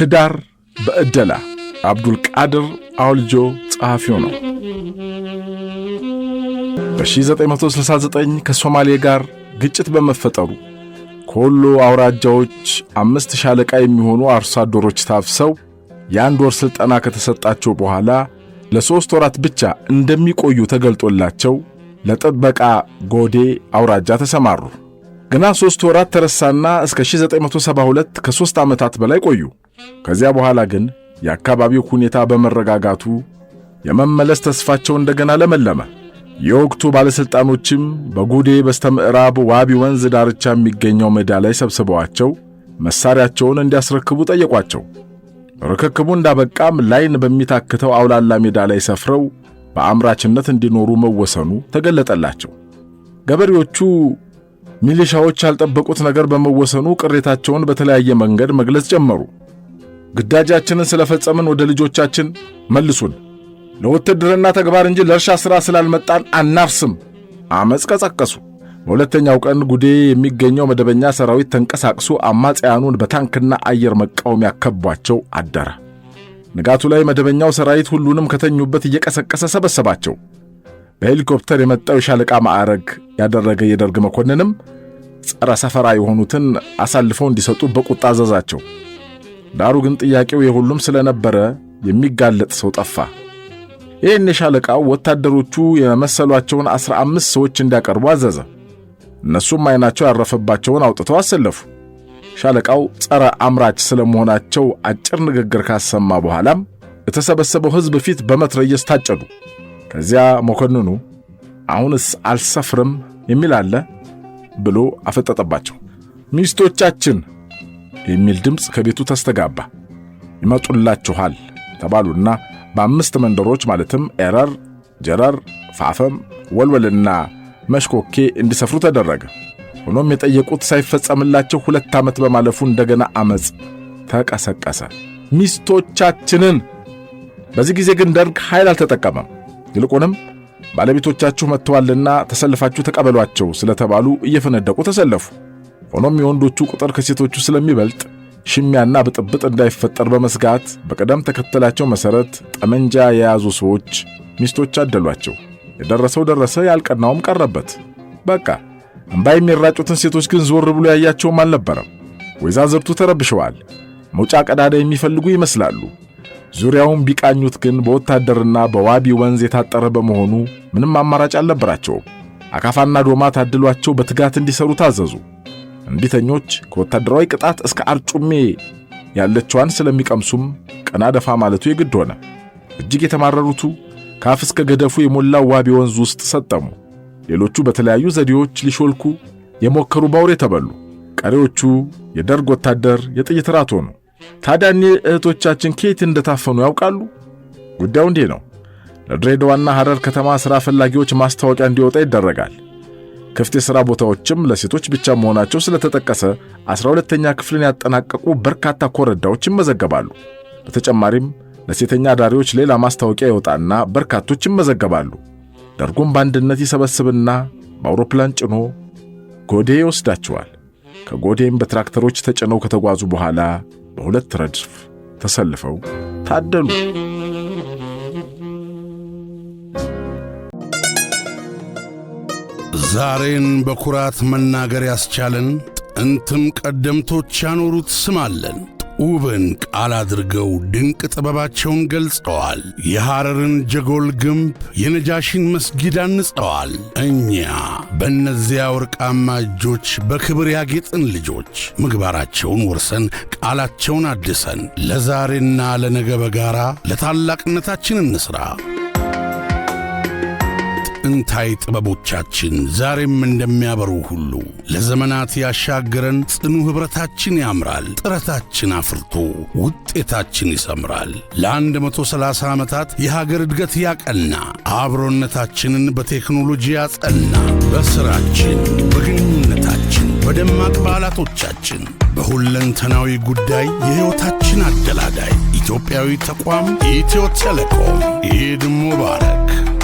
ትዳር በእደላ አብዱል ቃድር አውልጆ ጸሐፊው ነው። በ1969 ከሶማሌ ጋር ግጭት በመፈጠሩ ከወሎ አውራጃዎች አምስት ሻለቃ የሚሆኑ አርሶ አደሮች ታፍሰው የአንድ ወር ሥልጠና ከተሰጣቸው በኋላ ለሦስት ወራት ብቻ እንደሚቆዩ ተገልጦላቸው ለጥበቃ ጎዴ አውራጃ ተሰማሩ። ግና ሦስት ወራት ተረሳና እስከ 1972 ከሦስት ዓመታት በላይ ቆዩ። ከዚያ በኋላ ግን የአካባቢው ሁኔታ በመረጋጋቱ የመመለስ ተስፋቸው እንደገና ለመለመ። የወቅቱ ባለሥልጣኖችም በጉዴ በስተምዕራብ ዋቢ ወንዝ ዳርቻ የሚገኘው ሜዳ ላይ ሰብስበዋቸው መሳሪያቸውን እንዲያስረክቡ ጠየቋቸው። ርክክቡ እንዳበቃም ላይን በሚታክተው አውላላ ሜዳ ላይ ሰፍረው በአምራችነት እንዲኖሩ መወሰኑ ተገለጠላቸው። ገበሬዎቹ ሚሊሻዎች ያልጠበቁት ነገር በመወሰኑ ቅሬታቸውን በተለያየ መንገድ መግለጽ ጀመሩ። ግዳጃችንን ስለፈጸምን ወደ ልጆቻችን መልሱን። ለውትድርና ተግባር እንጂ ለእርሻ ሥራ ስላልመጣን አናፍስም። አመፅ ቀጸቀሱ። በሁለተኛው ቀን ጉዴ የሚገኘው መደበኛ ሰራዊት ተንቀሳቅሶ አማጽያኑን በታንክና አየር መቃወም ያከቧቸው አደረ። ንጋቱ ላይ መደበኛው ሰራዊት ሁሉንም ከተኙበት እየቀሰቀሰ ሰበሰባቸው። በሄሊኮፕተር የመጣው የሻለቃ ማዕረግ ያደረገ የደርግ መኮንንም ጸረ ሰፈራ የሆኑትን አሳልፈው እንዲሰጡ በቁጣ አዘዛቸው። ዳሩ ግን ጥያቄው የሁሉም ስለነበረ የሚጋለጥ ሰው ጠፋ። ይህን የሻለቃው ወታደሮቹ የመሰሏቸውን አስራ አምስት ሰዎች እንዲያቀርቡ አዘዘ። እነሱም አይናቸው ያረፈባቸውን አውጥተው አሰለፉ። ሻለቃው ጸረ አምራች ስለመሆናቸው አጭር ንግግር ካሰማ በኋላም የተሰበሰበው ሕዝብ ፊት በመትረየስ ታጨዱ። ከዚያ መኮንኑ አሁንስ አልሰፍርም የሚል አለ ብሎ አፈጠጠባቸው። ሚስቶቻችን የሚል ድምፅ ከቤቱ ተስተጋባ። ይመጡላችኋል ተባሉና በአምስት መንደሮች ማለትም ኤረር፣ ጀረር፣ ፋፈም፣ ወልወልና መሽኮኬ እንዲሰፍሩ ተደረገ። ሆኖም የጠየቁት ሳይፈጸምላቸው ሁለት ዓመት በማለፉ እንደገና አመፅ ተቀሰቀሰ። ሚስቶቻችንን በዚህ ጊዜ ግን ደርግ ኃይል አልተጠቀመም። ይልቁንም ባለቤቶቻችሁ መጥተዋልና ተሰልፋችሁ ተቀበሏቸው ስለተባሉ እየፈነደቁ ተሰለፉ። ሆኖም የወንዶቹ ቁጥር ከሴቶቹ ስለሚበልጥ ሽሚያና ብጥብጥ እንዳይፈጠር በመስጋት በቅደም ተከተላቸው መሰረት ጠመንጃ የያዙ ሰዎች ሚስቶች አደሏቸው። የደረሰው ደረሰ፣ ያልቀናውም ቀረበት። በቃ እምባ የሚራጩትን ሴቶች ግን ዞር ብሎ ያያቸውም አልነበረም። ወይዛዝርቱ ተረብሸዋል። መውጫ ቀዳዳ የሚፈልጉ ይመስላሉ። ዙሪያውን ቢቃኙት ግን በወታደርና በዋቢ ወንዝ የታጠረ በመሆኑ ምንም አማራጭ አልነበራቸውም። አካፋና ዶማ ታድሏቸው በትጋት እንዲሰሩ ታዘዙ። እምቢተኞች ከወታደራዊ ቅጣት እስከ አርጩሜ ያለችዋን ስለሚቀምሱም ቀና ደፋ ማለቱ የግድ ሆነ። እጅግ የተማረሩቱ ከአፍ እስከ ገደፉ የሞላው ዋቢ ወንዝ ውስጥ ሰጠሙ። ሌሎቹ በተለያዩ ዘዴዎች ሊሾልኩ የሞከሩ ባውሬ ተበሉ። ቀሪዎቹ የደርግ ወታደር የጥይት ራት ሆኑ። ታዲያ እኔ እህቶቻችን ከየት እንደታፈኑ ያውቃሉ? ጉዳዩ እንዲህ ነው። ለድሬዳዋና ሐረር ከተማ ሥራ ፈላጊዎች ማስታወቂያ እንዲወጣ ይደረጋል። ክፍት የሥራ ቦታዎችም ለሴቶች ብቻ መሆናቸው ስለተጠቀሰ 12 ሁለተኛ ክፍልን ያጠናቀቁ በርካታ ኮረዳዎች ይመዘገባሉ። በተጨማሪም ለሴተኛ አዳሪዎች ሌላ ማስታወቂያ ይወጣና በርካቶች ይመዘገባሉ። ደርጉም በአንድነት ይሰበስብና በአውሮፕላን ጭኖ ጎዴ ይወስዳቸዋል። ከጎዴም በትራክተሮች ተጭነው ከተጓዙ በኋላ በሁለት ረድፍ ተሰልፈው ታደሉ። ዛሬን በኩራት መናገር ያስቻለን ጥንትም ቀደምቶች ያኖሩት ስም አለን። ውብን ቃል አድርገው ድንቅ ጥበባቸውን ገልጸዋል። የሐረርን ጀጎል ግንብ፣ የነጃሽን መስጊድ አንጸዋል። እኛ በእነዚያ ወርቃማ እጆች በክብር ያጌጥን ልጆች ምግባራቸውን ወርሰን ቃላቸውን አድሰን ለዛሬና ለነገ በጋራ ለታላቅነታችን እንሥራ። ጥንታዊ ጥበቦቻችን ዛሬም እንደሚያበሩ ሁሉ ለዘመናት ያሻገረን ጽኑ ኅብረታችን ያምራል። ጥረታችን አፍርቶ ውጤታችን ይሰምራል መቶ ሰላሳ ዓመታት የሀገር እድገት ያቀና አብሮነታችንን በቴክኖሎጂ ያጸና በሥራችን፣ በግንኙነታችን፣ በደማቅ በዓላቶቻችን በሁለንተናዊ ጉዳይ የሕይወታችን አደላዳይ ኢትዮጵያዊ ተቋም ኢትዮ ቴሌኮም ኢድ ሙባረክ።